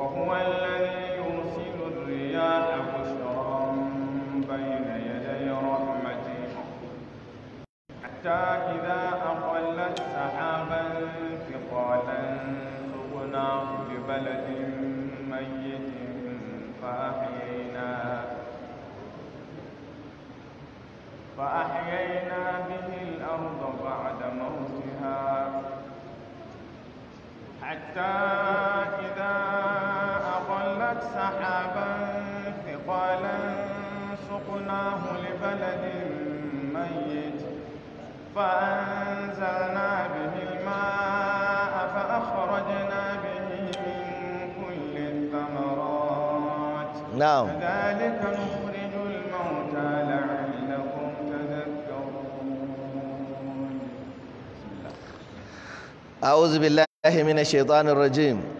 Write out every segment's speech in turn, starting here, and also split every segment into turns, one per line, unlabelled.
وهو الذي يرسل الرياح بشرا بين يدي رحمته حتى إذا أقلت سحابا ثقالا سقناه ببلد ميت فأحيينا فأحيينا به الأرض بعد موتها حتى إذا كانت سحابا ثقالا سقناه لبلد ميت فأنزلنا به الماء فأخرجنا به من كل الثمرات نعم كذلك نخرج الموتى لعلكم تذكرون
أعوذ بالله من الشيطان الرجيم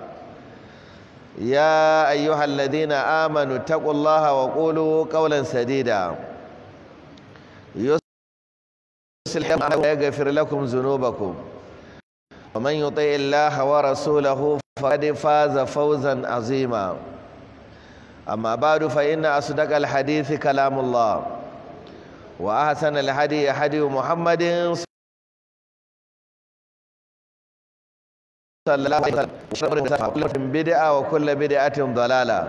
يا أيها الذين آمنوا اتقوا الله وقولوا قولا سديدا يصلح لكم ويغفر لكم ذنوبكم ومن يطع الله ورسوله فقد فاز فوزا عظيما أما بعد فإن أصدق الحديث كلام الله وأحسن الحديث حديث محمد صلى الله عليه وسلم كل بدعة وكل بدعة ضلالة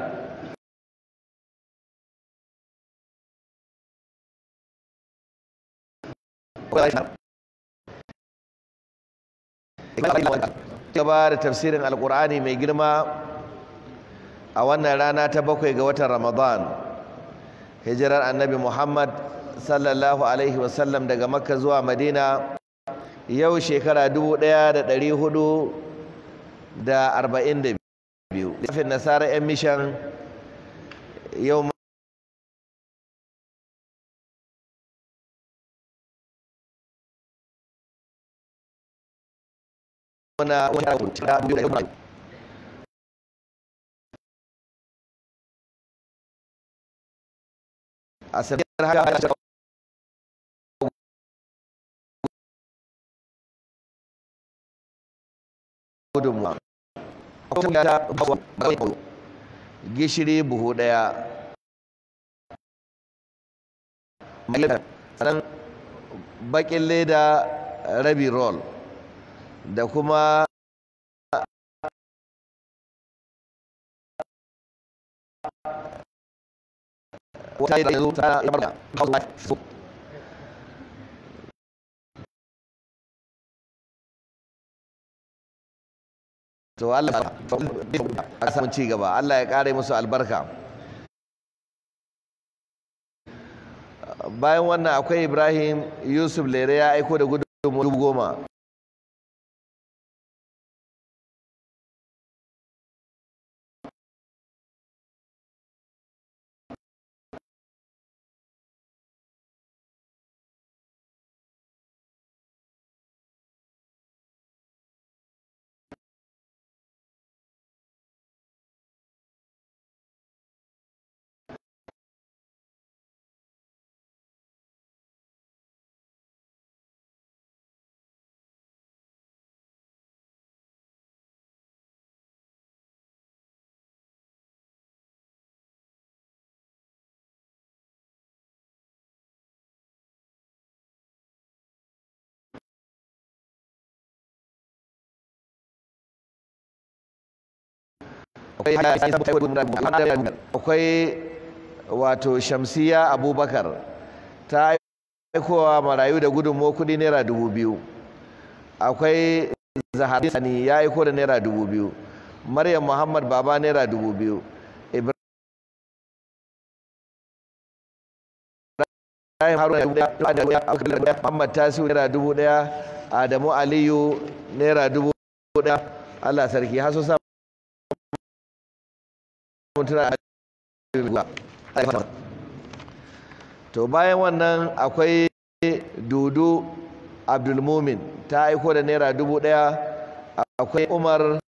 gaba da tafsirin alkur'ani mai girma a wannan rana ta bakwai ga watan ramadan hijirar annabi muhammad sallallahu alaihi wasallam daga makka zuwa madina yau shekara dubu ɗaya da ɗari hudu da arba'in da biyu nasara 'yan mishan
yau muna wani a sabbin haka
gudunmuwa a ya ta bawa bawai kawo gishiri buhu daya sannan bakin leda rabi roll da kuma
wata yi da yanzu ta yi marga kawo
to Allah a samun ci gaba Allah ya kare musu albarka bayan wannan akwai Ibrahim Yusuf Lere ya aiko da gudunmu dubu goma akwai wato shamsiya abubakar ta aikowa marayu da gudunmo kudi naira dubu biyu akwai zahari ya aiko da naira dubu biyu maryam muhammad baba naira dubu biyu ibrahim haruna muhammad tasiu naira dubu daya adamu aliyu naira dubu daya allah sarki haso a kuntuna to bayan wannan akwai dodo abdulmumin ta aiko da naira dubu daya akwai umar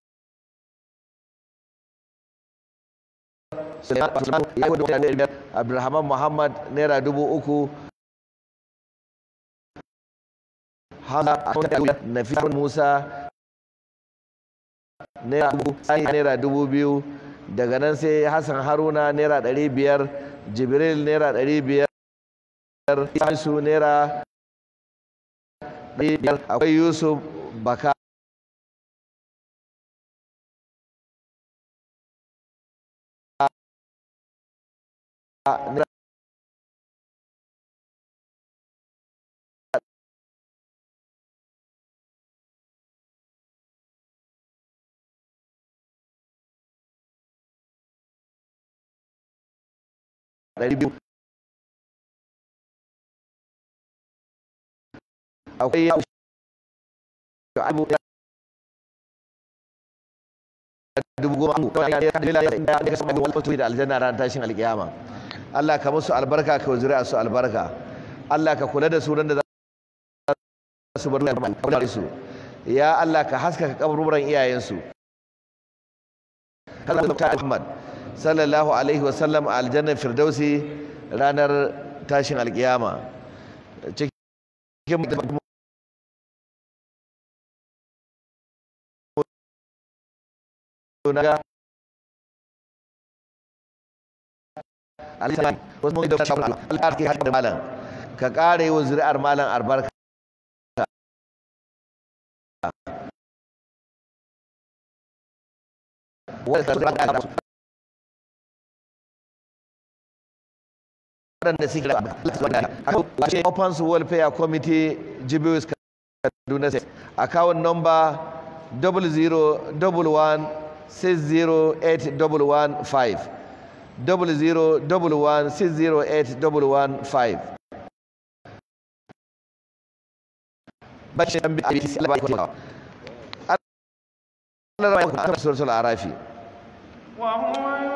abdulrahman muhammad naira dubu uku hana na fi musa naira dubu biyu daga nan sai hassan haruna naira ɗari biyar jibril naira ɗari biyar isu naira ɗari biyar akwai yusuf baka
naira ɗari biyu akwai ya abu ya
dubu goma abu ya ya kadila ya ya ya sama wal da aljanna ranar tashin alkiyama Allah ka musu albarka ka a su albarka Allah ka kula da su nan da su bar da su ya Allah ka haskaka kaburburan iyayensu Allah ta Muhammad sallallahu alaihi wasallam a aljannar firdausi ranar tashin alkiyama
cikin ka wa zuri'ar malam albarka ta
waɗanda suke da abin open welfare committee jibiru kaduna state account number
wa huwa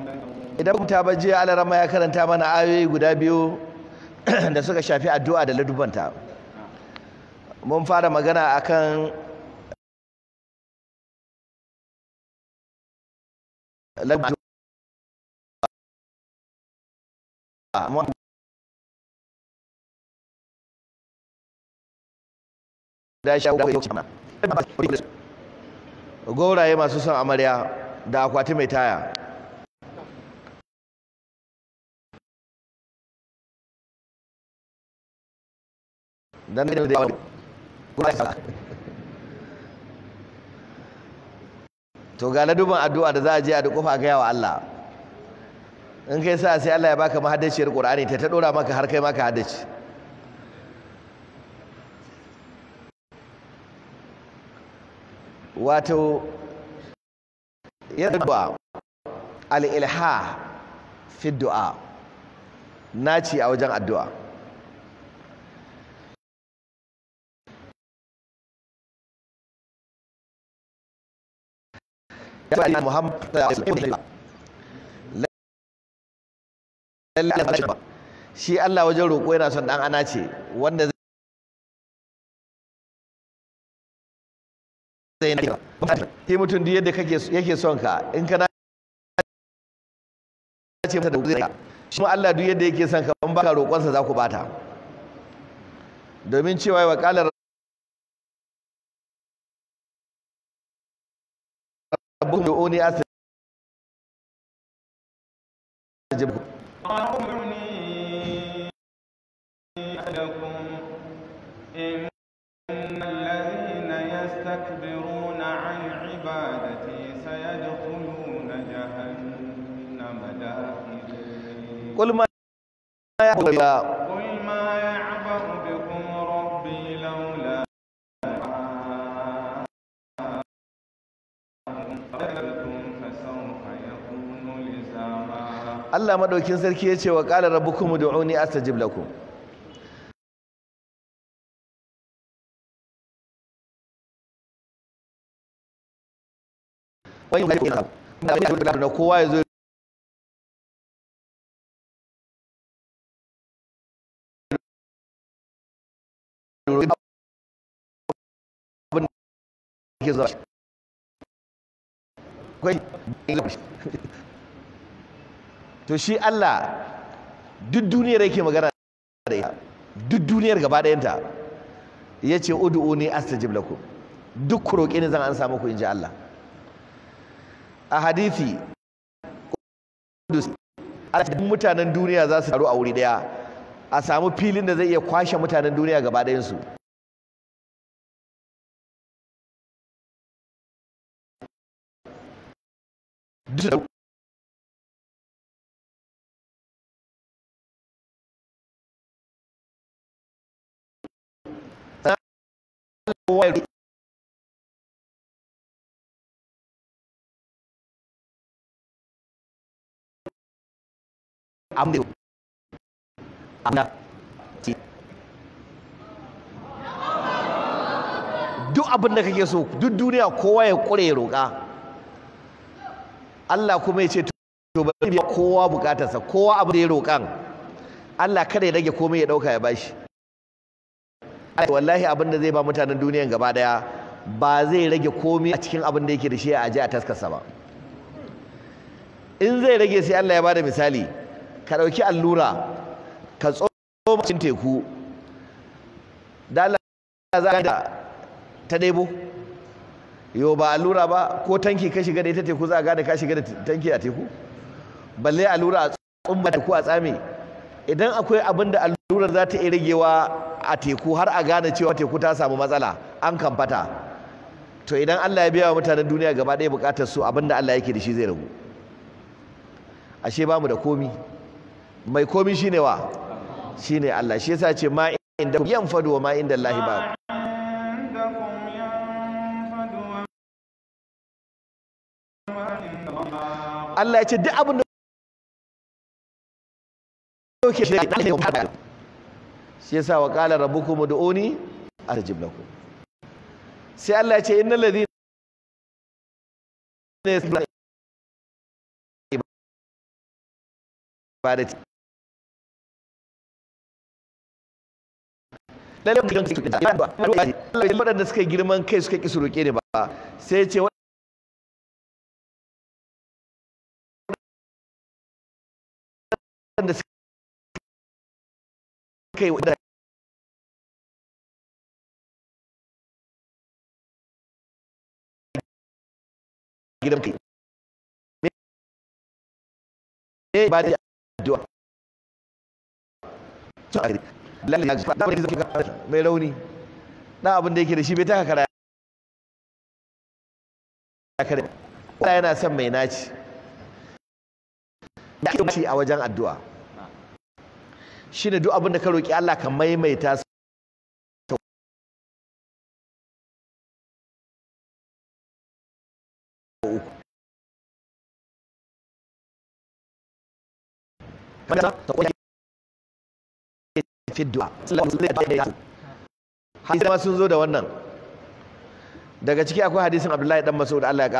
idan ta baje jiya alarama ya karanta mana ayoyi guda biyu da suka shafi addu'a da ladubanta mun fara magana akan ladubanta da goraye masu son amarya da akwati mai taya to ga ladubin addu'a da za a je a duk kofa gaya wa Allah in kai sa sai Allah ya baka mahaddaciyar Qur'ani ta ta dora maka har kai maka haddaci wato yadda al-ilha fi du'a naci a wajen addu'a ya ce shi Allah wajen roƙo yana son dan ana ce wanda
zai mutum duk yadda
kake yake son ka in kana ce mata da zai shi Allah duk yadda yake son ka in baka roƙonsa za ku bata domin cewa wa qala
rabbukum du'uni astajib
قل
ما يقول Allah madaukin sarki ya ce wa qala rabbukum ud'uni astajib lakum
na kowa ya
ke to shi Allah duk duniyar yake magana da ita duk duniyar gaba ɗayanta ya ce ud'uni astajib lakum duk ku roƙe ni zan an samu ku inji Allah a hadisi mutanen duniya za su taru a wuri daya a samu filin da zai iya kwashe mutanen duniya gaba ɗayansu
duk kowa ya abin
da ya abin da ce duk abin da kake so duk duniya kowa ya kure ya roƙa Allah kuma ya ce to bari biya kowa bukatarsa kowa abin da ya roƙan Allah kada ya rage komai ya ɗauka ya bashi wallahi abin da zai ba mutanen duniyan gaba daya ba zai rage komai a cikin abin da yake da shi a aje a taskarsa ba in zai rage sai Allah ya bada misali ka ɗauki allura ka tsoro cikin teku da Allah za da ta debo? yo ba allura ba ko tanki ka shiga da ita teku za a gane ka shiga da tanki a teku balle allura a tsumba teku a tsame idan akwai abin da allurar za ta iya ragewa a teku har a gane cewa teku ta samu matsala an kamfata to idan Allah ya biya wa mutanen duniya gaba ɗaya buƙatar su abinda Allah yake da shi zai ragu ashe bamu da komi mai komi shine wa shine Allah shi yasa ce ma inda yanfadu wa ma inda Allah ba Allah ya ce duk abin da yake shi da Allah ne shi yasa wa qala rabbukum ud'uni astajib lakum sai Allah ya ce innal ladina
ibadati lalle gidan da ba Allah da suka girman kai suka kisu roke ne ba sai ce wanda kai wadda gidan kai me ba da addu'a to a lalle ya da ka mai rauni
na abin da yake da shi bai taka kara kare yana son mai naci da a wajen addu'a shine duk abin da ka roki Allah ka maimaita ماذا تقول في hadisi ma sun zo da wannan daga ciki akwai hadisin Abdullahi dan Mas'ud Allah ya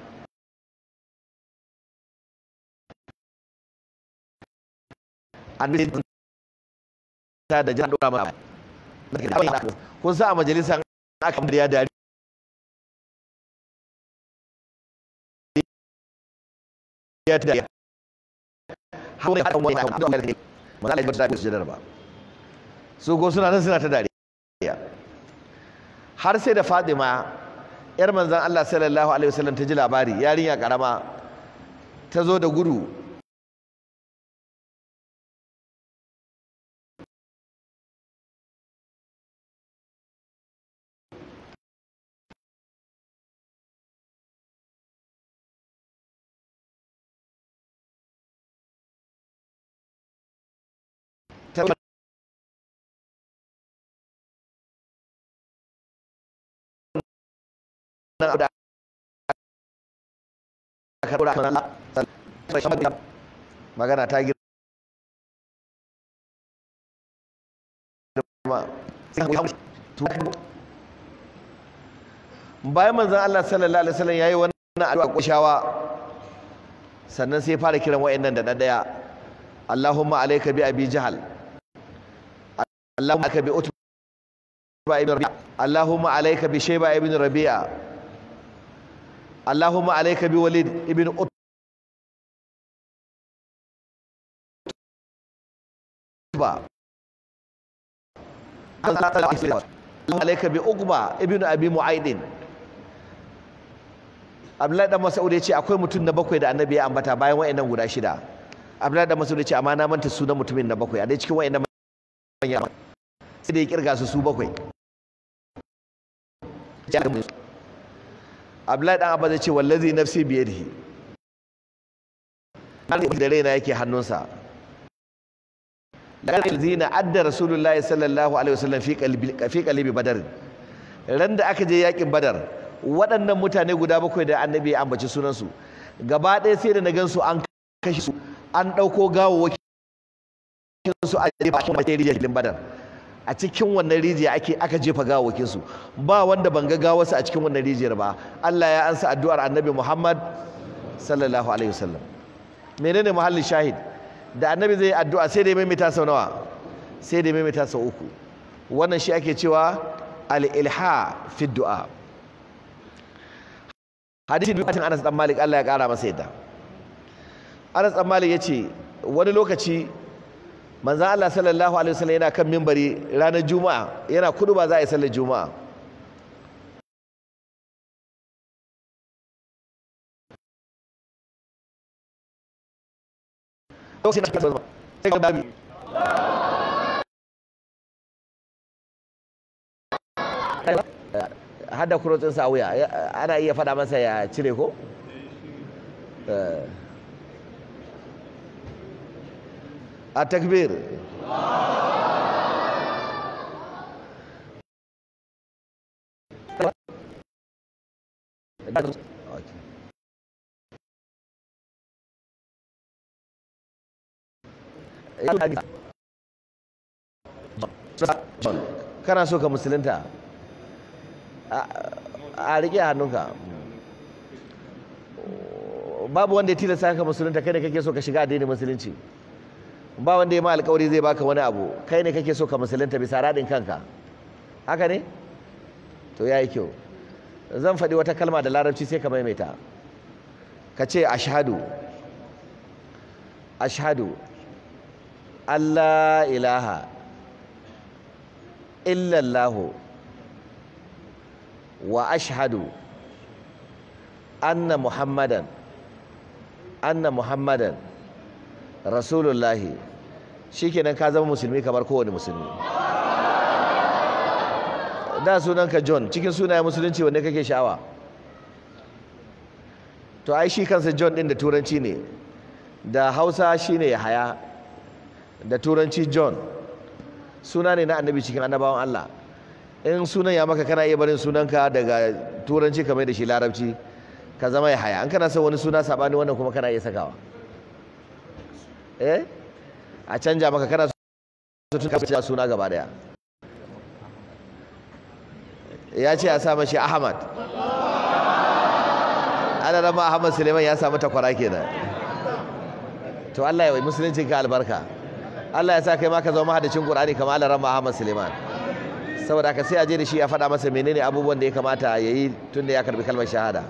annabi ta da dora mana kun sa a majalisa aka da ya dari ya da wani
ba ta ba su go suna nan suna ta dari. har sai da Fadima, yar manzan Allah sallallahu alaihi wasallam ta ji labari yarinya karama ta zo da gudu
abu da aka ɗora da Allah sannan shan magana magana ta girma
sai ka haushi to bayan manzan Allah sallallahu alaihi wasallam yayi wannan addu'a kushawa sannan sai fara kiran wayannan da daya Allahumma alayka bi abi jahal Allahumma alayka bi utba ibn rabi'a Allahumma alayka bi shayba ibn rabi'a Allahumma alayka bi Walid ibn Utba Allahumma alayka bi Uqba ibn akwai mutum na bakwai da Annabi ya ambata bayan wayannan guda shida Abdullahi dan Mas'ud yace amma na manta sunan mutumin na bakwai a dai cikin wayannan sai da ya kirga su su bakwai abdullahi dan abba zai ce wallazi nafsi biyadihi da raina yake hannunsa lalzina adda rasulullahi sallallahu alaihi wasallam fi qalbi fi qalbi badar ran da aka je yakin badar waɗannan mutane guda bakwai da annabi ya ambaci sunansu gaba ɗaya sai da na gansu an kashe su an ɗauko gawo wakilin su a jirgin badar a cikin wannan rijiya ake aka jefa gawakin su ba wanda ban ga gawarsa a cikin wannan rijiyar ba Allah ya ansa addu'ar Annabi Muhammad sallallahu alaihi wasallam menene muhallin shahid da Annabi zai addu'a sai da maimaita sau nawa sai da maimaita sau uku wannan shi ake cewa al-ilha fi du'a hadisi bi Anas dan Malik Allah ya kara masa yadda Anas dan Malik yace wani lokaci manzan Allah sallallahu alaihi wasallam yana kan mimbari ranar juma'a yana kudu ba za a yi sallar juma'a hada kurotsin sa wuya ana iya faɗa masa ya cire ko eh. a takbir kana so ka musulunta a rike hannunka babu wanda ya tilasta ka musulunta kai da kake so ka shiga addinin musulunci ba wanda ya ma alkawari zai baka wani abu kai ne kake so ka musulunta bisa radin kanka haka ne to yayi kyau zan faɗi wata kalma da larabci sai ka maimaita ka ce ashhadu ashhadu Allah ilaha illallahu wa ashhadu anna muhammadan anna muhammadan rasulullahi shikenan ka zama musulmi kamar kowane musulmi da sunanka john cikin sunayen musulunci wanda kake sha'awa to ai shi kansa john din da turanci ne da hausa shine yahaya da turanci john suna ne na annabi cikin annabawan allah in sunan ya maka kana iya barin sunanka daga turanci kamar da shi larabci ka zama yahaya an kana son wani suna sabani wannan kuma kana iya sakawa eh a canja maka kana so tun ka suna gaba daya ya ce ya sa mashi Ahmad ana ma Ahmad Suleiman ya samu takwara kenan to Allah ya yi musulunci ka albarka Allah ya sa kai ma ka zama hadacin Qur'ani kamar Allah rama Ahmad Suleiman saboda haka sai a je da shi a faɗa masa menene abubuwan da ya kamata ya yi tun da ya karbi kalmar shahada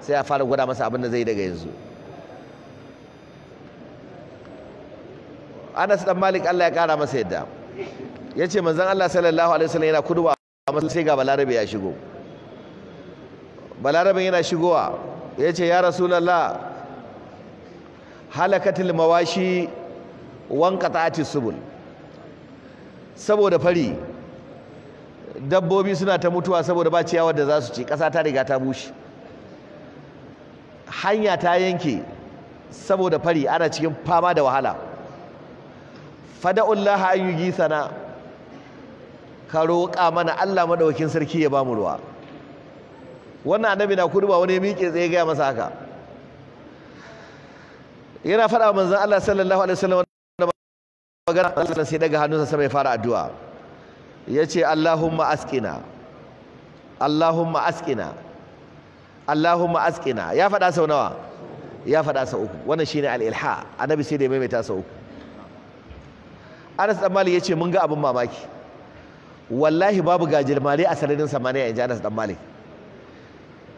sai a fara gwada masa abin da zai daga yanzu Anas dan Malik Allah ya kara masa yadda yace manzon Allah sallallahu alaihi wasallam yana kudwa a sai ga Balarabe ya shigo Balarabe yana shigowa yace ya Rasulullah halakatil mawashi wanqata'ati subul saboda fari dabbobi suna ta mutuwa saboda ba ciyawar da za su ci ƙasa ta riga ta bushe hanya ta yanke saboda fari ana cikin fama da wahala fada'ullaha an yi sana ka roƙa mana Allah maɗaukin sarki ya ba mu ruwa wannan annabi na kurba wani ya miƙe tsaye gaya masa haka yana wa manzon Allah sallallahu alaihi wasallam magana Allah sai daga hannunsa sama ya fara addu'a yace Allahumma askina Allahumma askina Allahumma askina ya faɗa sau nawa ya faɗa sau uku wannan shine al-ilha annabi sai da ya maimaita sau uku Anas dan Malik yace mun ga abin mamaki wallahi babu gajirmare a sararin samaniya ji Anas dan Malik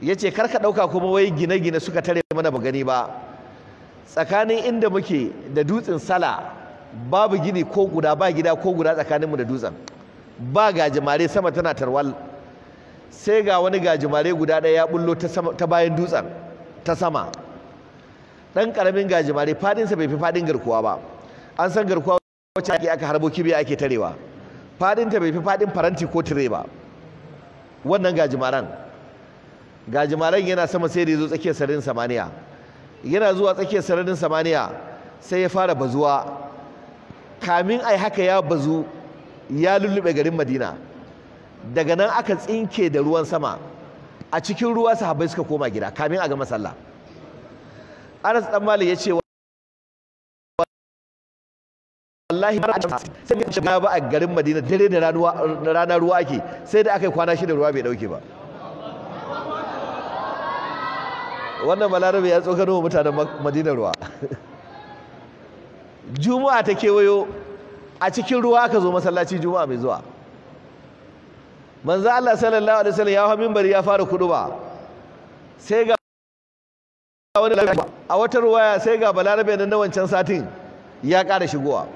yace kar ka dauka kuma wai gine-gine suka tare mana ba gani ba tsakanin inda muke da dutsen sala babu gini ko guda ba gida ko guda tsakaninmu da dutsen ba gajimare sama tana tarwal sai ga wani gajimare guda ɗaya ya bullo ta bayan dutsen ta sama ɗan karamin gajimare faɗinsa bai fi faɗin garkuwa ba an san garkuwa wacce ake aka harbo kibiya ake tarewa ta bai fi fadin faranti ko tire ba wannan gajimaran gajimaran yana sama sai da ya zo tsakiyar sararin samaniya yana zuwa tsakiyar sararin samaniya sai ya fara bazuwa kamin ai haka ya bazu ya lullube garin madina daga nan aka tsinke da ruwan sama a cikin ruwa sahabbai suka koma gida kamin a ga masalla anas dan mali ya ce wallahi ba a sai da shiga ba a garin Madina dare da rana ruwa ake sai da aka yi kwana shida ruwa bai dauke ba wannan balarabe ya tsokano wa mutanen Madina ruwa juma'a ta kewayo a cikin ruwa aka zo masallaci juma'a mai zuwa manzo Allah sallallahu alaihi wasallam ya hawo minbari ya fara kuduba sai ga wani a wata ruwaya sai ga balarabe na wancan satin ya ƙara shigowa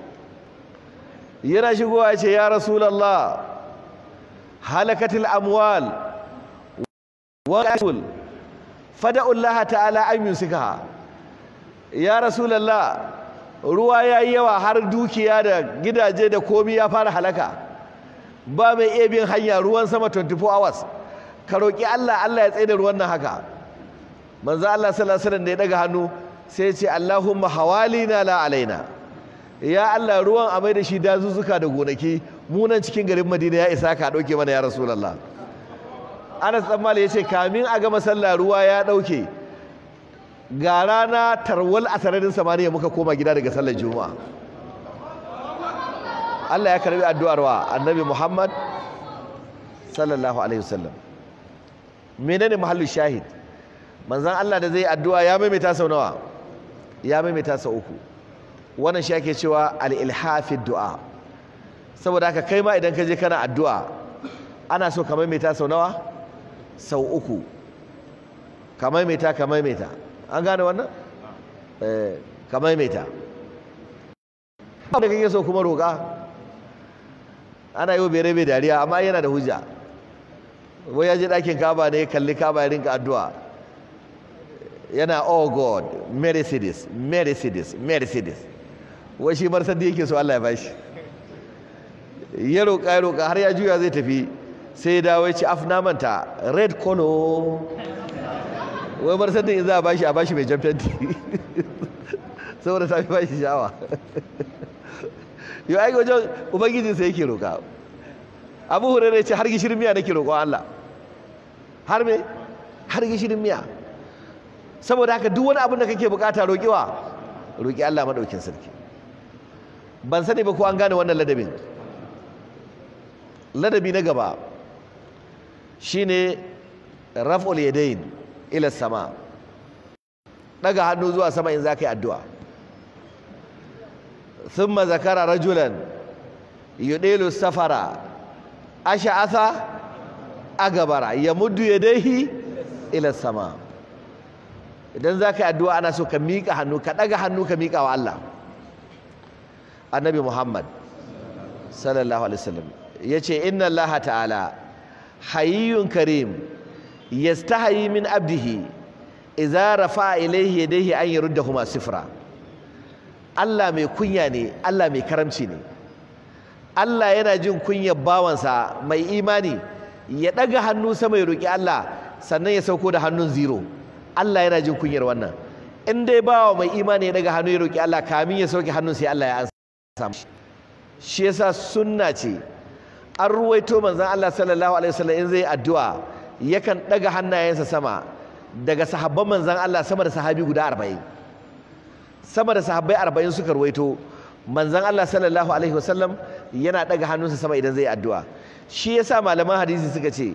yana shigowa ce ya rasulallah halakatil amwal wal fada'ullaha ta'ala an yusikaha ya rasulallah ruwa yayi yawa har dukiya da gidaje da komi ya fara halaka ba mai iya bin hanya ruwan sama 24 hours ka roƙi Allah Allah ya tsaye da ruwan nan haka manzo Allah sallallahu alaihi wasallam da ya daga hannu sai ya ce Allahumma hawalina la alaina ya Allah ruwan a da shi dazuzzuka da gonaki munan cikin garin madina ya isa ka ɗauke mana ya rasulallah anas tsammali ya ce kamin a gama sallah ruwa ya ɗauke ga rana tarwal a sararin samaniya muka koma gida daga sallar juma'a Allah ya karbi addu'ar wa annabi Muhammad sallallahu alaihi wasallam menene mahallu shahid manzan Allah da zai addu'a ya maimaita sau nawa ya maimaita sau uku wannan shi ake cewa al-ilhafi du'a saboda haka kai ma idan ka je kana addu'a ana so ka maimaita sau nawa sau uku ka maimaita ka maimaita an gane wannan eh ka maimaita ba ka kake so kuma roƙa ana yi wa bere dariya amma yana da hujja wai ya je ɗakin kaba ne kalli kaba ya rinka addu'a yana oh god mercedes mercedes mercedes wai shi marsar da yake so Allah ya bashi ya roƙa ya roƙa har ya juya zai tafi sai da dawo ya ci afna manta red kono wai marsar da in za a bashi a bashi mai jamfenti saboda ta fi bashi shawa yau aiki wajen ubangiji sai yake roƙa abu hure ne ce har gishirin miya nake roƙon Allah har me har gishirin miya saboda haka duk wani abin da kake bukata roƙewa roƙi Allah maɗaukin sarki ban sani ba ko an gane wannan ladabin ladabi na gaba shine raf'ul yadayn ila sama daga hannu zuwa sama in zaka yi addu'a thumma zakara rajulan yudilu safara ya agabara yamuddu yadayhi ila sama idan zakai yi addu'a ana so ka miƙa hannu ka daga hannu ka miƙa wa Allah annabi Muhammad sallallahu alaihi wasallam yace inna Allah ta'ala hayyun karim yastahi min abdihi idza rafa ilayhi yadayhi an yuruddahuma sifra Allah mai kunya ne Allah mai karamci ne Allah yana jin kunyar bawansa mai imani ya daga hannu sama ya roki Allah sannan ya sauko da hannun zero Allah yana jin kunyar wannan in dai bawa mai imani ya daga hannu ya roki Allah kamin ya sauke hannun sai Allah ya ansa samu shi yasa sunna ce an ruwaito manzon Allah sallallahu alaihi wasallam in zai addu'a yakan daga hannayensa sama daga sahabban manzon Allah sama da sahabi guda 40 sama da sahabbai 40 suka ruwaito manzon Allah sallallahu alaihi wasallam yana daga hannunsa sama idan zai addu'a shi yasa malaman hadisi suka ce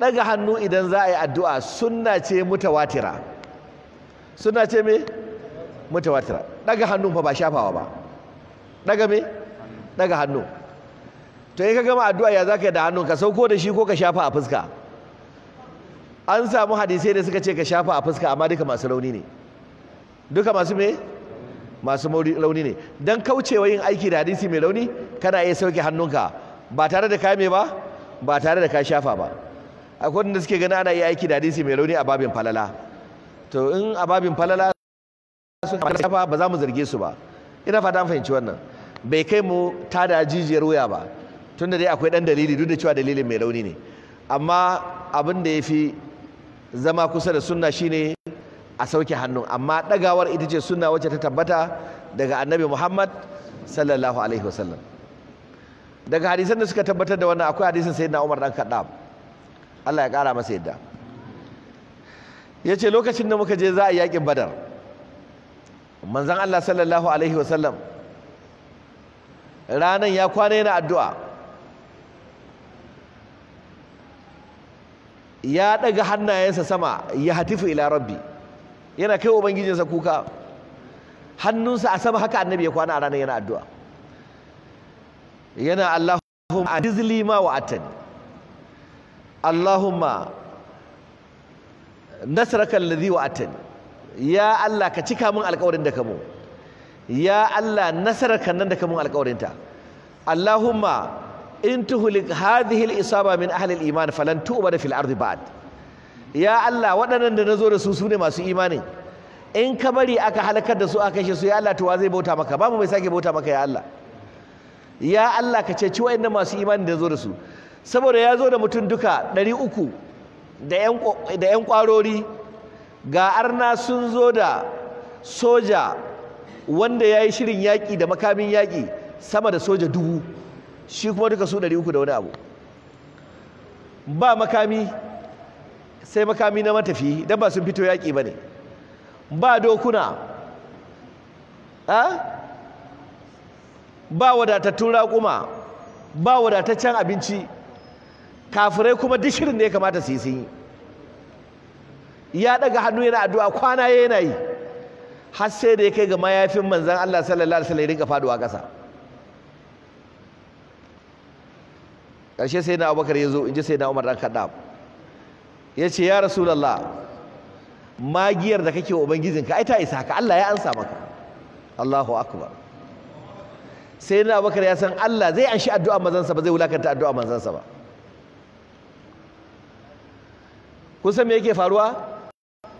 daga hannu idan za a yi addu'a sunna ce mutawatira sunna ce me mutawatira daga hannun fa ba shafawa ba daga me daga hannu to yi ka gama addu'a ya yi da hannun ka sauko da shi ko ka shafa a fuska an samu hadisai da suka ce ka shafa a fuska amma duka masu rauni ne duka masu me masu rauni ne don kaucewa yin aiki da hadisi mai rauni kana iya sauke hannunka ba tare da ka me ba ba tare da ka shafa ba akwai da suke gani ana iya aiki da hadisi mai rauni a babin falala to in a babin falala sun shafa ba za mu zarge su ba ina fata fahimci wannan bai kai mu ta da jijiyar wuya ba tunda dai akwai dan dalili duk da cewa dalilin mai rauni ne amma abin da ya fi zama kusa da sunna shine a sauke hannun amma dagawar ita ce sunna wacce ta tabbata daga annabi muhammad sallallahu alaihi wasallam daga hadisan da suka tabbatar da wannan akwai hadisin sayyidina umar dan kaddab Allah ya kara masa yadda ya ce lokacin da muka je za a yakin badar manzan Allah sallallahu alaihi wasallam ranan ya kwana yana addu'a ya daga hannayensa sama ya hatifu ila rabbi yana kai ubangijinsa kuka hannunsa a sama haka annabi ya kwana a ranar yana addu'a yana Allahumma ajizli ma wa'atani Allahumma nasraka wa attani. ya Allah ka cika min alƙawarin da ka ya Allah nasarar kan nan da ka mun alƙawarinta Allahumma in tuhlik hadhihi al-isaba min ahli al-iman falan tu'bad fil ardi ba'd ya Allah waɗannan da nazo da su sune masu imani in ka bari aka halakar da su aka kashe su ya Allah to wa zai bauta maka ba mu mai sake bauta maka ya Allah ya Allah ka ceci waɗannan masu imani da nazo da su saboda ya zo da mutum duka 300 da yan da yan kwarori ga arna sun zo da soja wanda ya yi shirin yaƙi da makamin yaƙi sama da soja dubu shi kuma duka su ɗari uku da wani abu ba makami sai makami na matafi don ba sun fito yaƙi ba ne ba dokuna ba wadatattun raƙuma ba wadataccen abinci kafirai kuma duk shirin da ya kamata su yi sun yi ya daga hannu yana addu'a kwana yana yi har sai da ya kai ga mayafin manzon Allah sallallahu alaihi wasallam ya rinka faduwa ƙasa ƙarshe sai na Abubakar ya zo inji ji sai na Umar dan Khattab ya ce ya Rasulullah magiyar da kake wa ubangijinka ai ta isa ka Allah ya ansa maka Allahu akbar sai na Abubakar ya san Allah zai anshi addu'a sa ba zai wulakanta addu'a sa ba kusan me yake faruwa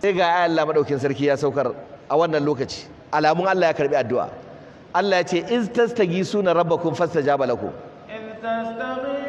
sai ga Allah madaukin sarki ya saukar a wannan lokaci alamun Allah ya karɓi addu'a Allah ya ce iz suna rabbakum fastajaba lakum
iz tastagisuna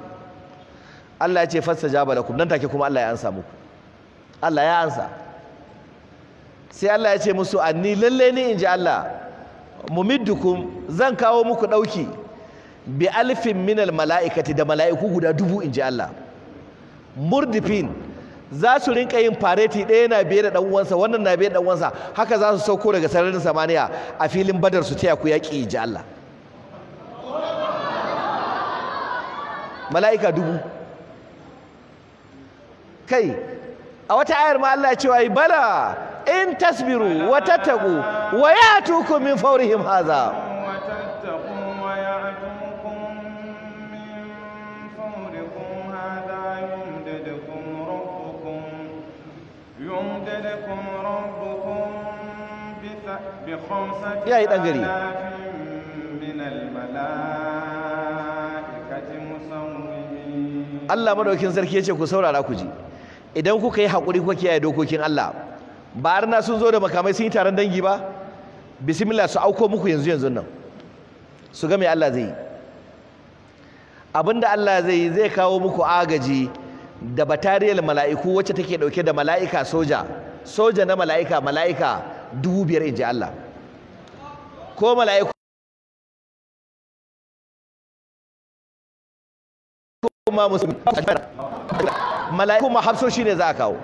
Allah ya ce jaba lakum nan take kuma Allah ya ansa muku Allah ya ansa sai Allah ya ce musu anni lalle ni inji Allah mumiddukum zan kawo muku dauki bi alfin minal mala'ikati da mala'iku guda dubu inji Allah murdifin za su rinka yin fareti ɗaya na biye da ɗan uwansa wannan na biye da ɗan uwansa haka za su sauko daga sararin samaniya a filin badar su taya ku yaƙi inji Allah mala'ika dubu kai a wata ayar ma Allah cewa bala in tasbiru wa tattaku wa yatukum min fawrihim hadha ya yi Allah madaukin sarki ya ce ku saurara ku ji idan kuka yi haƙuri kuka kiyaye dokokin Allah ba arna sun zo da makamai sun yi taron dangi ba bismillah su auko muku yanzu yanzu nan su ga me Allah zai yi abinda Allah zai yi zai kawo muku agaji da batariyar mala'iku wacce take dauke da mala'ika soja soja na mala'ika mala'ika dubu biyar in Allah ko mala'iku ma musulmi mala'iku ma shi ne za a kawo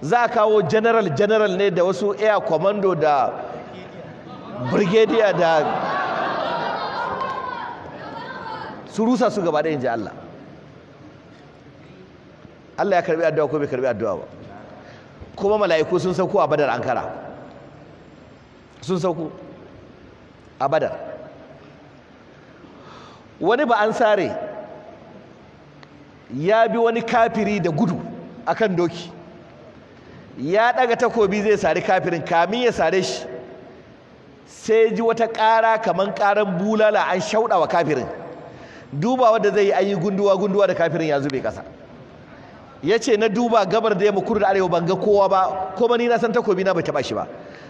za a kawo general general ne da wasu air commando da brigadier da su rusa su gaba da ji Allah Allah ya karbi addu'a ko bai karbi addu'a ba kuma mala'iku sun sauko a badar ankara sun sauko a badar wani ba an sare ya bi wani kafiri da gudu akan doki ya daga takobi zai sari kafirin kamin ya sare shi sai ji wata ƙara kaman ƙaran bulala an shauɗa wa kafirin duba wanda zai yi an yi gunduwa gunduwa da kafirin ya zube ƙasa ya ce na duba gabar da yamma kudu da arewa ban ga kowa ba kuma ni na san takobi na bai taɓa shi ba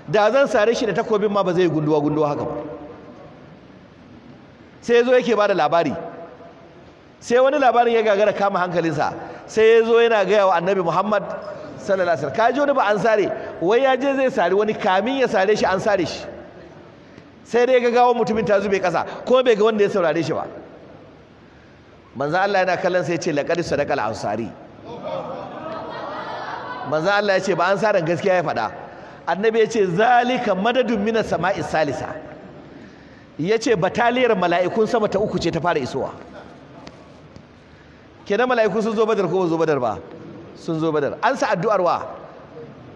da zan sare shi da takobin ma ba zai yi gunduwa gunduwa haka ba sai zo yake ba da labari sai wani labarin ya gagara kama hankalinsa sai ya zo yana gaya wa annabi muhammad sallallahu alaihi wasallam wani ba an sare wai ya je zai sare wani kamin ya sare shi an sare shi sai dai ga gawon mutumin ta zube kasa kuma bai ga wanda ya saurare shi ba manzo Allah yana kallon sai ya ce laqad sadaqal ansari manzo Allah ya ce ba an sare gaskiya ya faɗa annabi ya ce zalika madadun minas sama'i salisa ya ce bataliyar mala'ikun sama ta uku ce ta fara isowa kenan mala'iku sun zo badar ko ba zo badar ba sun zo badar an sa addu'ar wa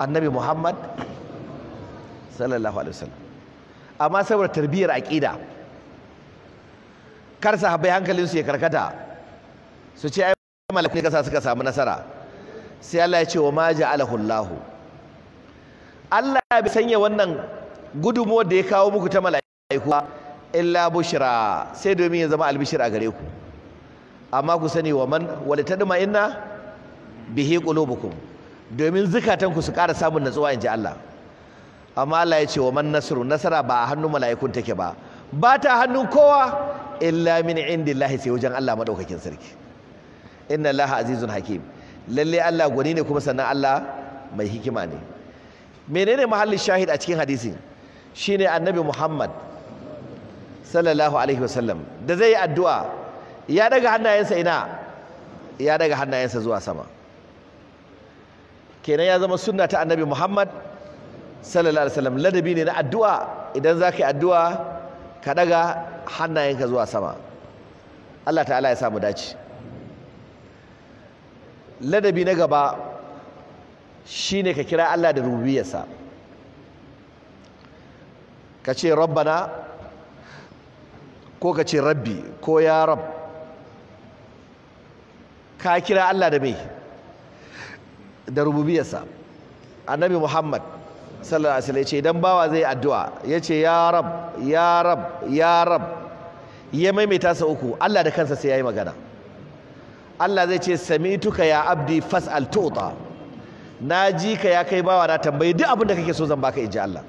annabi muhammad sallallahu alaihi wasallam amma saboda tarbiyyar aqida kar sa hankalin su ya karkata su ce ai mala'iku ne kasa suka samu nasara sai Allah ya ce wa ma ja'alahu Allah Allah bi sanya wannan gudumo da ya kawo muku ta mala'iku illa bushra sai domin ya zama albishir a gare ku amma ku sani wa man walitadma inna bihi qulubukum domin zukatan ku su ƙara samun natsuwa inji Allah amma Allah ya ce wa man nasru nasara ba a hannun mala'ikun take ba ba ta hannun kowa illa min indillahi sai wajen Allah madaukakin sarki inna Allah azizun hakim lalle Allah gwani ne kuma sannan Allah mai hikima ne menene muhallin shahid a cikin hadisi shine annabi Muhammad sallallahu alaihi wasallam da zai yi addu'a ya daga hannayensa ina ya daga hannayensa zuwa sama kenan ya zama sunna ta annabi muhammad sallallahu alaihi wasallam ladabi ne na addu'a idan za ka yi addu'a ka daga hannayenka zuwa sama allah ta'ala ya samu dace ladabi na gaba shi ne ka kira allah da rububiyarsa ka ce rabbana ko ka ce rabbi ko ya ka kira Allah da mai da rububiyarsa annabi Muhammad sallallahu alaihi wasallam ya ce idan bawa zai addu'a ya ce ya rab ya rab ya rab ya maimaita sa uku Allah da kansa sai yayi magana Allah zai ce sami'tuka ya abdi fas'al tu'ta na ji ka ya kai bawa na tambayi duk abin da kake so zan baka inji Allah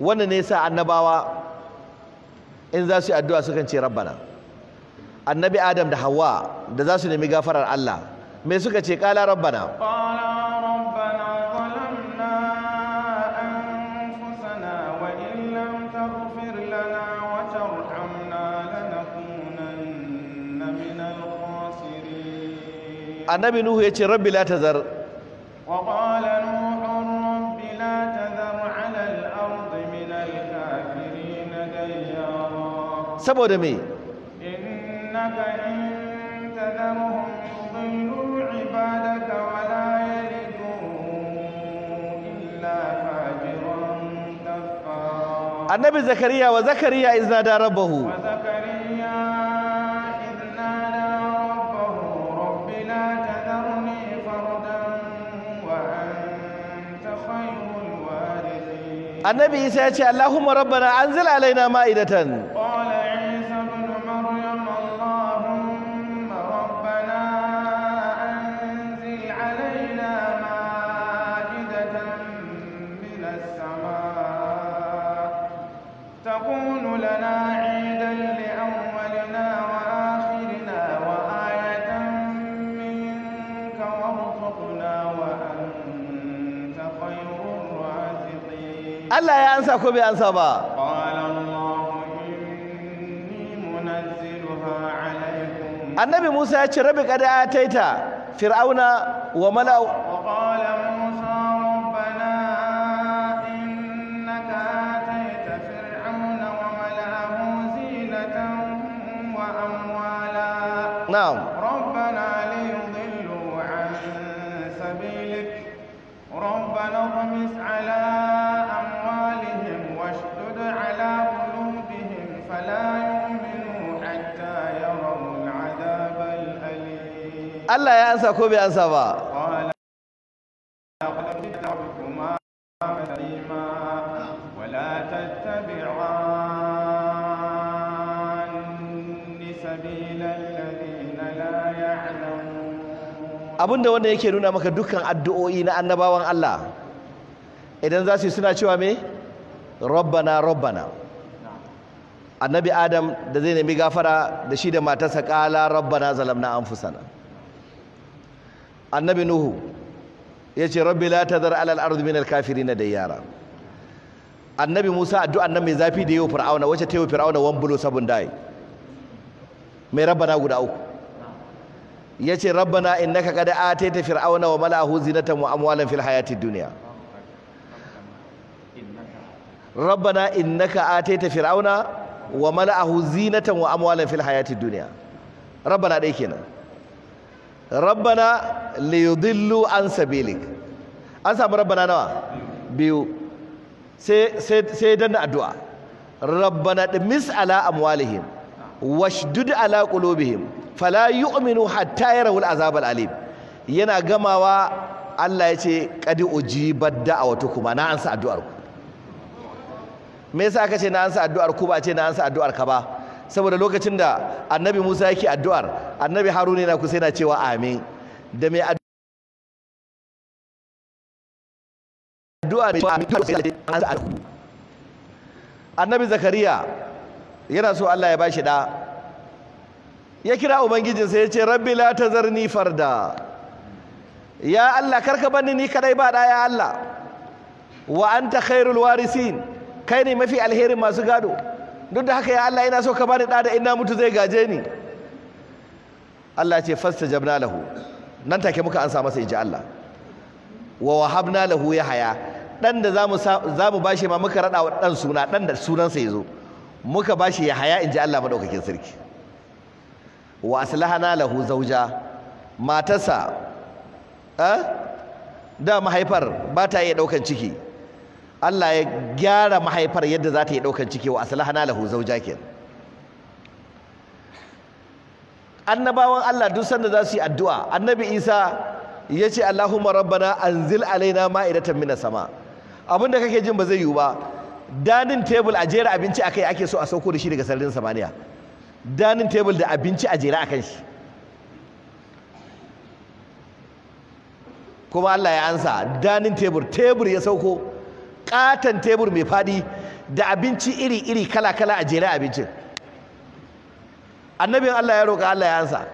wannan ne yasa annabawa in za su yi addu'a sukan ce rabbana annabi adam da hawa da za su nemi gafarar Allah me suka ce kala rabbana annabi nuhu ya ce rabbi la tazar saboda me
إنك إن تذرهم يضلوا عبادك ولا يلدوا إلا فاجرا
كفارا النبي زكريا وزكريا إذ نادى ربه وزكريا إذ نادى ربه رب
لا تذرني فردا وأنت خير
الوارثين النبي سيأتي اللهم ربنا أنزل علينا مائدة Allah ya ansa ko bai ansa ba annabi Musa ya ce rabi kada ya taita fir'auna wa mala'u Allah ya ansa ko bai ansa ba abinda wanda yake nuna maka dukkan addu'o'i na annabawan Allah idan za su yi suna cewa me rabbana rabbana annabi adam da zai nemi gafara da shi da matarsa kala rabbana zalamna anfusana annabi nuhu ya ce rabbi la tazar alal ardi min al-kafirin dayyara annabi musa addu'an nan mai zafi da yau fir'auna wacce ta yi fir'auna wan bulo sabon dai mai rabbana guda uku yace rabbana innaka qad ataita fir'auna wa mala'ahu zinatan wa amwalan fil hayatid dunya rabbana innaka ataita fir'auna wa mala'ahu zinatan wa amwalan fil hayatid dunya rabbana dai kenan rabbana liyudillu an sabilik an samu rabbana nawa biyu sai danna addu'a rabbana dimis ala amwalihim washdud ala qulubihim fala yu'minu hatta yarawul azabal alim yana gamawa Allah ya ce qad ujibat kuma na ansa addu'ar ku me yasa aka ce na ansa addu'ar ku ba ce na ansa addu'ar ka ba saboda lokacin da annabi Musa yake addu'ar annabi haruni na kusa yana cewa amin da mai addu'a mai amin annabi Zakariya yana so Allah ya bashi da ya kira ubangijinsa ya ce rabbi la tazarni farda ya Allah karka bani ni kadai ba da ya Allah wa anta khairul warisin kai ne mafi alherin masu gado duk da haka ya Allah ina so ka bani da da ina mutu zai gaje ni Allah ce fastajabna lahu nan take muka ansa masa inji Allah wa wahabna lahu yahya dan da zamu zamu bashi ma muka rada wa dan suna dan da sunansa yazo muka bashi yahya inji Allah madaukakin sarki wa aslahana lahu zauja matarsa eh da mahaifar ba ta iya daukan ciki Allah ya gyara mahaifar yadda za ta yi ɗaukar ciki wa hana lahu zauja annabawan Allah duk sanda za su yi addu'a annabi Isa ya ce Allahumma rabbana anzil alaina ma'idatan minas sama abin da kake jin ba zai yiwu ba danin tebul a jera abinci akai ake so a sauko da shi daga sararin samaniya danin tebul da abinci a jera akan shi kuma Allah ya ansa danin tebur tebur ya sauko katon tebur mai fadi da abinci iri-iri kala-kala a jere abincin annabin Allah ya roƙa Allah ya ansa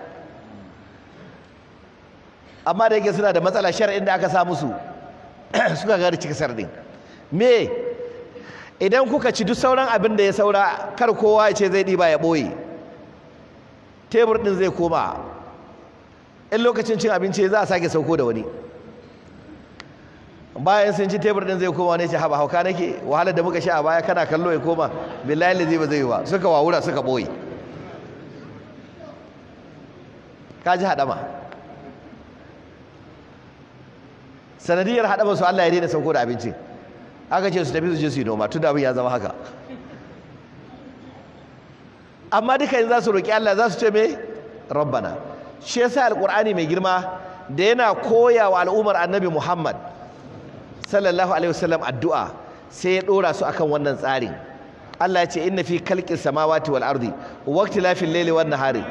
amma da yake suna da matsala shar'in da aka sa musu suka gari cikin sardin me idan kuka ci duk sauran abin da ya saura kar kowa ya ce zai ɗiba ya ɓoye tebur ɗin zai koma in lokacin cin abinci za a sake sauko da wani bayan sun ci tebur din zai koma ne ce haba hauka nake wahalar da muka sha a baya kana kallo ya koma billahi lazi ba zai yi ba suka wawura suka boye ka ji hadama sanadiyar hadama su Allah ya daina sauko da abinci aka ce su tafi su je su yi noma da abin ya zama haka amma duka yin za su roƙi Allah za su ce me rabbana shi yasa alqur'ani mai girma da yana koya wa al'ummar annabi Muhammad sallallahu alaihi wasallam addu'a sai ya dora su akan wannan tsarin Allah ya ce inna fi khalqis samawati wal ardi wa ikhtilafil layli wan nahari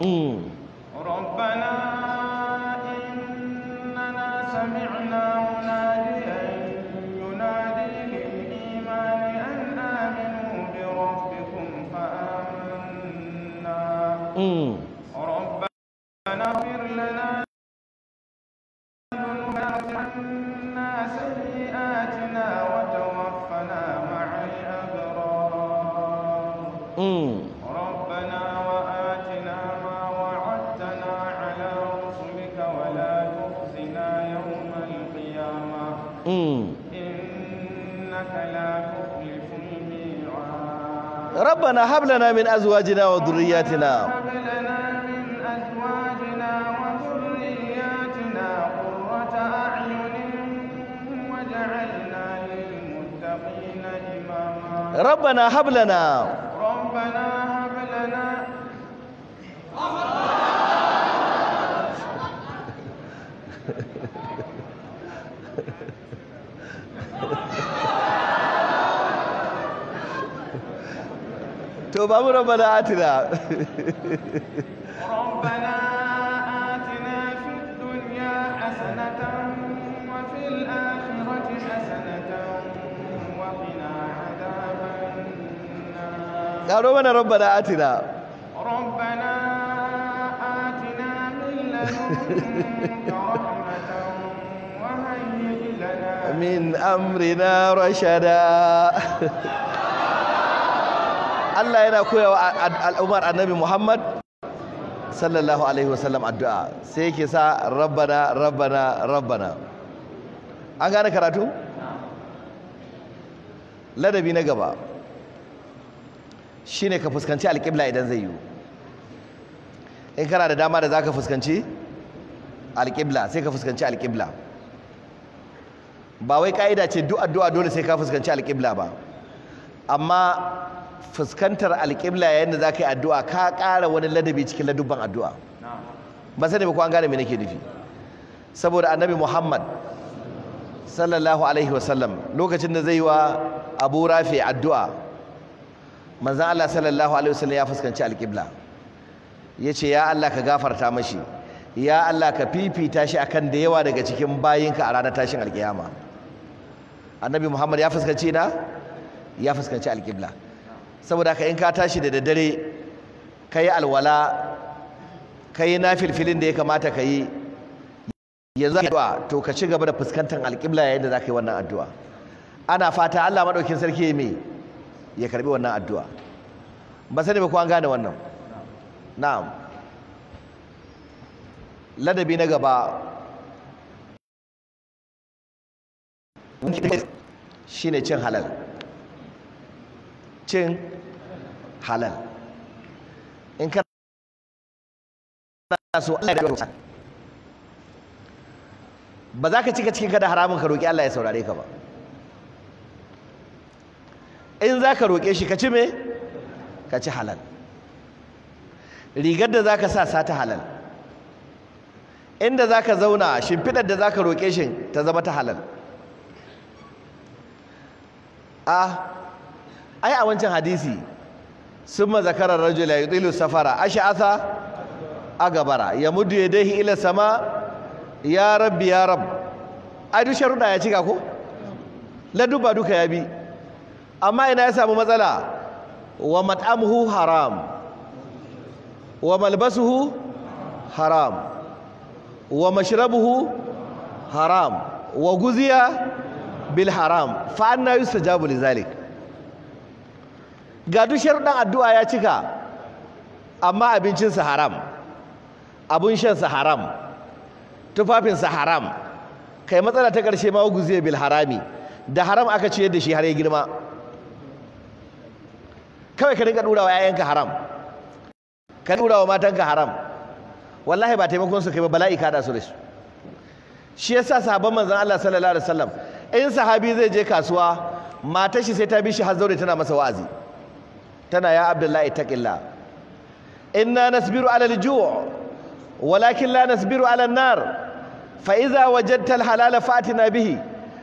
嗯。وهب لنا من أزواجنا وذرياتنا ربنا هب لنا تو بابو ربنا آتنا
ربنا آتنا في الدنيا حسنة وفي الآخرة حسنة وقنا عذاب
النار ربنا ربنا آتنا ربنا آتنا من
لدنك
رحمة وهيئ لنا من أمرنا رشدا Allah yana koyawa al'ummar annabi Muhammad sallallahu alaihi wasallam addu'a sai yake sa rabbana rabbana rabbana an gane karatu ladabi na gaba shine ka fuskanci alƙibla idan zai yi. in kana da dama da za ka fuskanci alƙibla sai ka fuskanci alƙibla ba wai ƙa'ida ce duk addu'a dole sai ka fuskanci alƙibla ba amma fuskantar alƙibla yayin da za ka yi addu'a ka ƙara wani ladabi cikin ladubban addu'a ba sai ne ba an gane me nake nufi saboda annabi muhammad sallallahu alaihi wasallam lokacin da zai yi wa abu rafi addu'a manzan allah sallallahu alaihi wasallam ya fuskanci alƙibla ya ce ya allah ka gafarta mashi ya allah ka fifita shi kan da yawa daga cikin bayinka a ranar tashin alƙiyama annabi muhammad ya fuskanci na ya fuskanci alƙibla saboda ka in ka tashi da daddare ka yi alwala ka yi nafilfilin da ya kamata ka yi yanzu za ka addu'a to ka ci gaba da fuskantar alƙibla yayin da za ka yi wannan addu'a ana fata Allah maɗaukin sarki ya me ya karɓi wannan addu'a ba sani ba ko an gane wannan na'am ladabi na gaba shine cin halal cin halal in ka so Allah ya roƙa ba za ka cika cikin kada haramun ka roƙi Allah ya saurare ka ba in za ka roƙe shi ka ci me ka ci halal rigar da za ka sa sata halal inda za ka zauna shimfiɗar da za ka roƙe shi ta zama ta halal a ah, ai a wancan hadisi summa zakara rajula yutilu safara ash'atha mudu yamuddu yadayhi ila sama ya rabbi ya rab ai duk sharuda ya cika ko ladu ba duka ya bi amma ina ya samu matsala wa mat'amuhu haram wa malbasuhu haram wa mashrabuhu haram wa guziya bil haram fa anna yustajabu li zalik ga duk dan addu'a ya cika amma abincinsa haram abun shansa haram tufafinsa haram kai matsala ta ƙarshe ma guziya bil harami da haram aka ciyar da shi har ya girma kawai ka dinga ɗura wa 'ya'yanka haram ka ɗura wa matanka haram wallahi ba taimakon su kai ba bala'i ka da su da su shi yasa sahabban manzon Allah sallallahu alaihi wasallam in sahabi zai je kasuwa matar shi sai ta bi shi har zaure tana masa wa'azi tana ya abdullahi taqilla inna nasbiru ala al walakin la nasbiru ala fa wajadta fatina bihi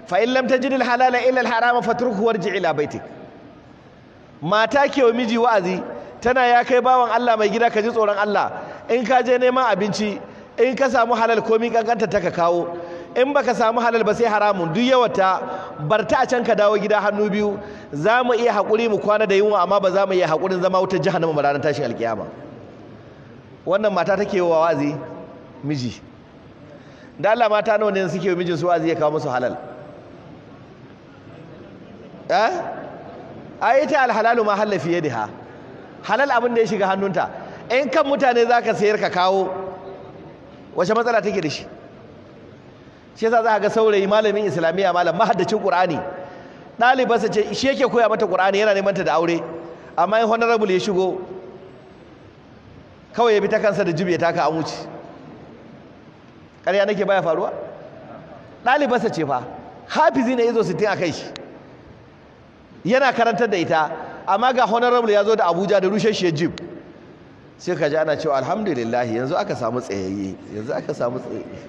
fa in lam tajid al-halala illa al-harama fatrukhu warji' ila baitik mata ke miji wa'azi tana ya kai bawan Allah mai gida ka ji tsoron Allah in ka je neman abinci in ka samu halal komi kankanta ta ka kawo in baka samu halal ba sai haramun duk yawata barta a can ka dawo gida hannu biyu za mu iya haƙuri mu kwana da yunwa amma ba za mu iya haƙurin zama wutar jahannama ba ranar tashin alƙiyama. wannan mata take wa wazi miji da Allah mata nawa ne suke miji su wazi ya kawo musu halal eh ta alhalalu ma halla fi yadiha halal abin da ya shiga hannunta in kan mutane zaka sayar ka kawo wace matsala take da shi shi yasa za ga saurayi malamin islamiyya malam mahaddacin qur'ani ɗalibansa ce shi yake koya mata qur'ani yana neman ta da aure amma in honorable ya shigo kawai ya bi ta kansa da jibi ya taka an wuce ƙarya nake baya faruwa ɗalibansa ce fa hafizi ne yazo sittin a kai shi yana karantar da ita amma ga honorable ya zo da abuja da rushe shi ya jib sai ka ji ana cewa alhamdulillah yanzu aka samu tsayayye yanzu aka samu tsayayye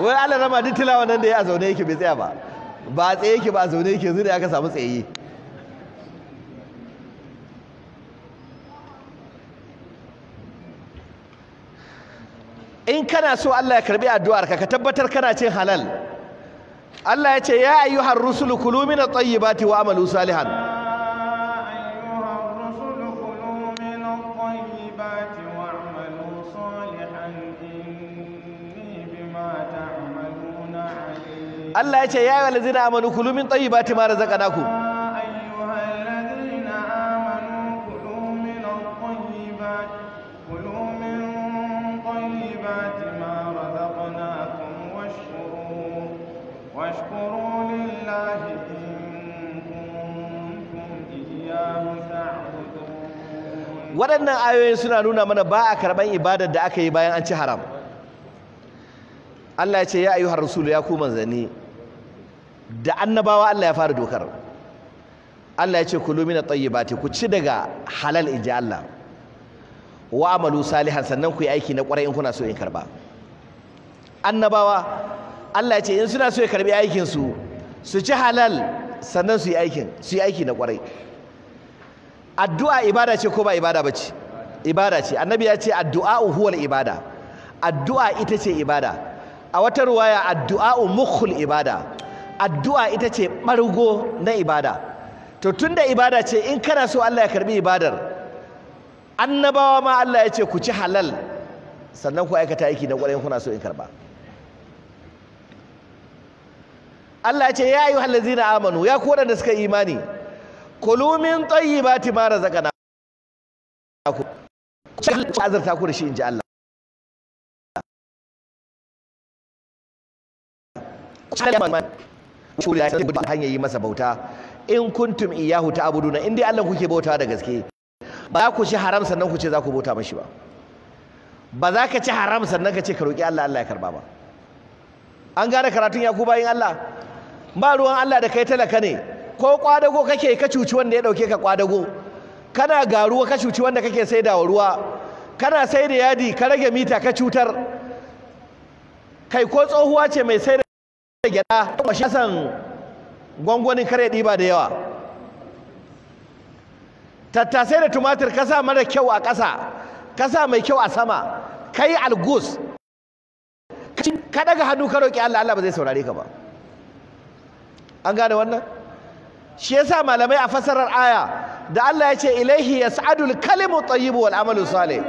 wai Allah rama duk tilawa nan da ya zaune yake bai tsaya ba ba a tsaye yake ba a zaune yake zuri aka samu tsaye in kana so Allah ya karbi addu'ar ka tabbatar kana cin halal Allah ya ce ya ayyuhar rusulu kulumina min at wa amalu salihan
الله ya يا ya ayyuhal
ladzina amanu kulu min ما رزقناكم razaqnakum waɗannan ayoyin suna nuna mana ba a karɓar ibadar da aka yi bayan an ci haram Allah ya ce ya ayyuhar rasul ya ku manzanni da annabawa Allah ya fara dokar Allah ya ce kulu min at-tayyibati ku ci daga halal inji Allah wa amalu salihan sannan ku yi aiki na kwarai in kuna so in karba annabawa Allah ya ce in suna so ya karbi aikin su su ci halal sannan su yi aikin su yi aiki na kwarai addu'a ibada ce ko ba ibada bace ibada ce annabi ya ce addu'a huwal ibada addu'a ita ce ibada a wata ruwaya addu'a mukhul ibada addu'a ita ce ɓargo na ibada to tun da ibada ce in kana so Allah ya karbi ibadar annabawa ma Allah ya ce ku ci halal sannan ku aikata aiki na ƙwarai kuna so in karba Allah ya ce ya yi halazi na amanu ya kuwa da suka imani kulu min tayyibati ma razaqnakum ci azarta ku da shi ji Allah shuri ya tabbata hanyar yi masa bauta in kuntum iyahu ta'buduna in dai Allah kuke bautawa da gaske ba ku ci haram sannan ku ce za ku bauta mashi ba ba za ka ci haram sannan ka ce ka roki Allah Allah ya karba ba an gane karatun ya ku bayin Allah ba ruwan Allah da kai talaka ne ko kwadago kake ka cuci wanda ya dauke ka kwadago kana garuwa ruwa ka cuci wanda kake saidawa ruwa kana sai da yadi ka rage mita ka cutar kai ko tsohuwa ce mai sai da gyada kuma shi san gwangwanin kare da yawa tattasai da tumatir kasa mara kyau a ƙasa kasa mai kyau a sama kai algus ka daga hannu ka roƙi Allah Allah ba zai saurare ka ba an gane wannan shi yasa malamai a fasarar aya da Allah ya ce ilaihi yas'adul kalimu tayyibu wal amalu salih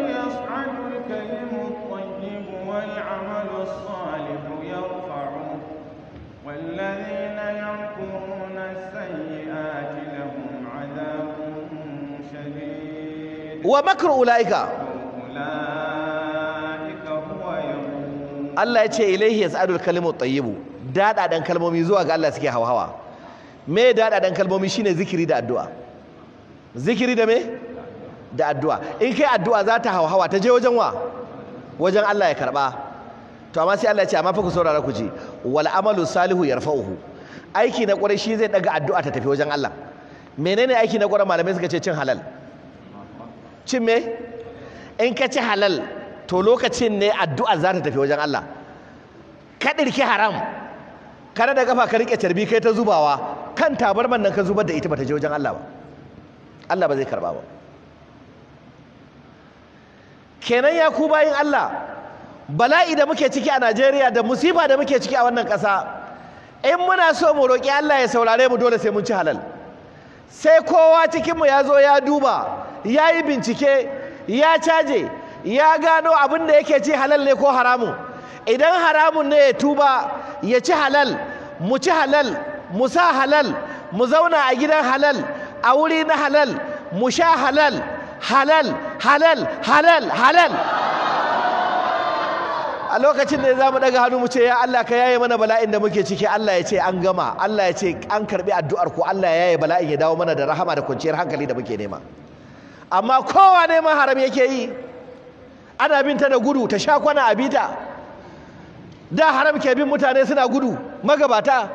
wa makar ulaika Allah ya ce ilaihi yas'adul kalimu tayyibu Daɗaɗen kalmomi zuwa ga Allah suke hawa-hawa me daɗaɗen kalmomi shine zikiri da addu'a zikiri da me da addu'a in kai addu'a za ta hawa-hawa ta je wajen wa wajen Allah ya karɓa. to amma sai Allah ya ce amma fa ku saurara ku ji wal amalu salihu yarfa'uhu aiki na ƙwarai shi zai ɗaga addu'a ta tafi wajen Allah menene aiki na ƙwarai malamai suka ce cin halal cin me in ka ci halal to lokacin ne addu'a za ta tafi wajen Allah ka ɗirki haram kada da kafa ka riƙe carbi kai ta zubawa kan tabarman nan ka zubar da ita bata je wajen Allah ba Allah ba zai karba ba kenan ya ku bayin Allah bala'i da muke ciki a Najeriya da musiba da muke ciki a wannan ƙasa in muna so mu roƙi Allah ya saurare mu dole sai mun ci halal sai kowa cikinmu ya zo ya duba ya yi bincike ya caje ya gano abin da yake ci halal ne ko haramu. idan haramun ne ya tuba ya ci halal mu ci halal mu sa halal mu zauna a gidan halal a wuri na halal mu sha halal halal halal halal halal a lokacin da za mu daga hannu mu ce ya Allah ka yaye mana bala'in da muke ciki Allah ya ce an gama Allah ya ce an karbi addu'ar ku Allah ya yaye bala'in ya dawo mana da rahama da kwanciyar hankali da muke nema amma kowa ne ma haram yake yi ana bin ta da gudu ta sha kwana a bita da haram ke bin mutane suna gudu magabata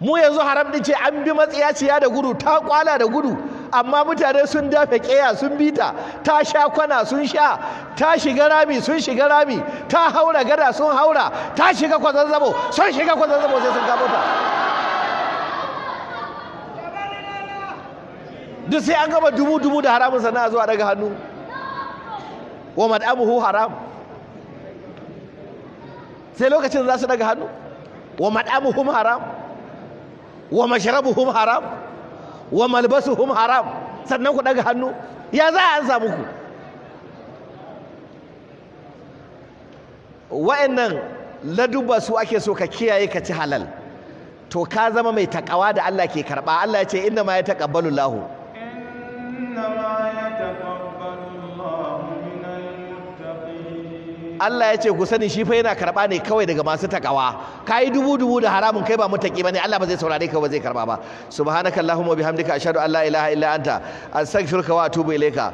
mu yanzu haram din ce an bi matsiya-ciya da gudu ta kwala da gudu amma mutane sun dafe keya sun bita ta sha kwana sun sha ta shiga rami sun shiga rami ta haura gada sun haura ta shiga kwazazzabo sun shiga kwazazzabo sai sun gabota duk sai an gama dubu dubu da haramun sana'a zuwa daga hannu wa mad'amuhu haram sai lokacin za su daga hannu wa mad'amuhum haram wa mashrabuhum haram wa malbasuhum haram sannan ku daga hannu ya za a ansa muku wa'annan laduba su ake so ka kiyaye ka ci halal to ka zama mai takawa da Allah ke karba Allah ya ce inna ma ya taqabbalu lahu Allah ya ce ku sani shi fa yana karɓa ne kawai daga masu takawa ka yi dubu dubu da haramun kai ba mutaki bane Allah ba zai saurare ka ba zai karɓa ba subhanakallahumma bihamdika ashhadu an la ilaha illa anta astaghfiruka wa atubu ilayka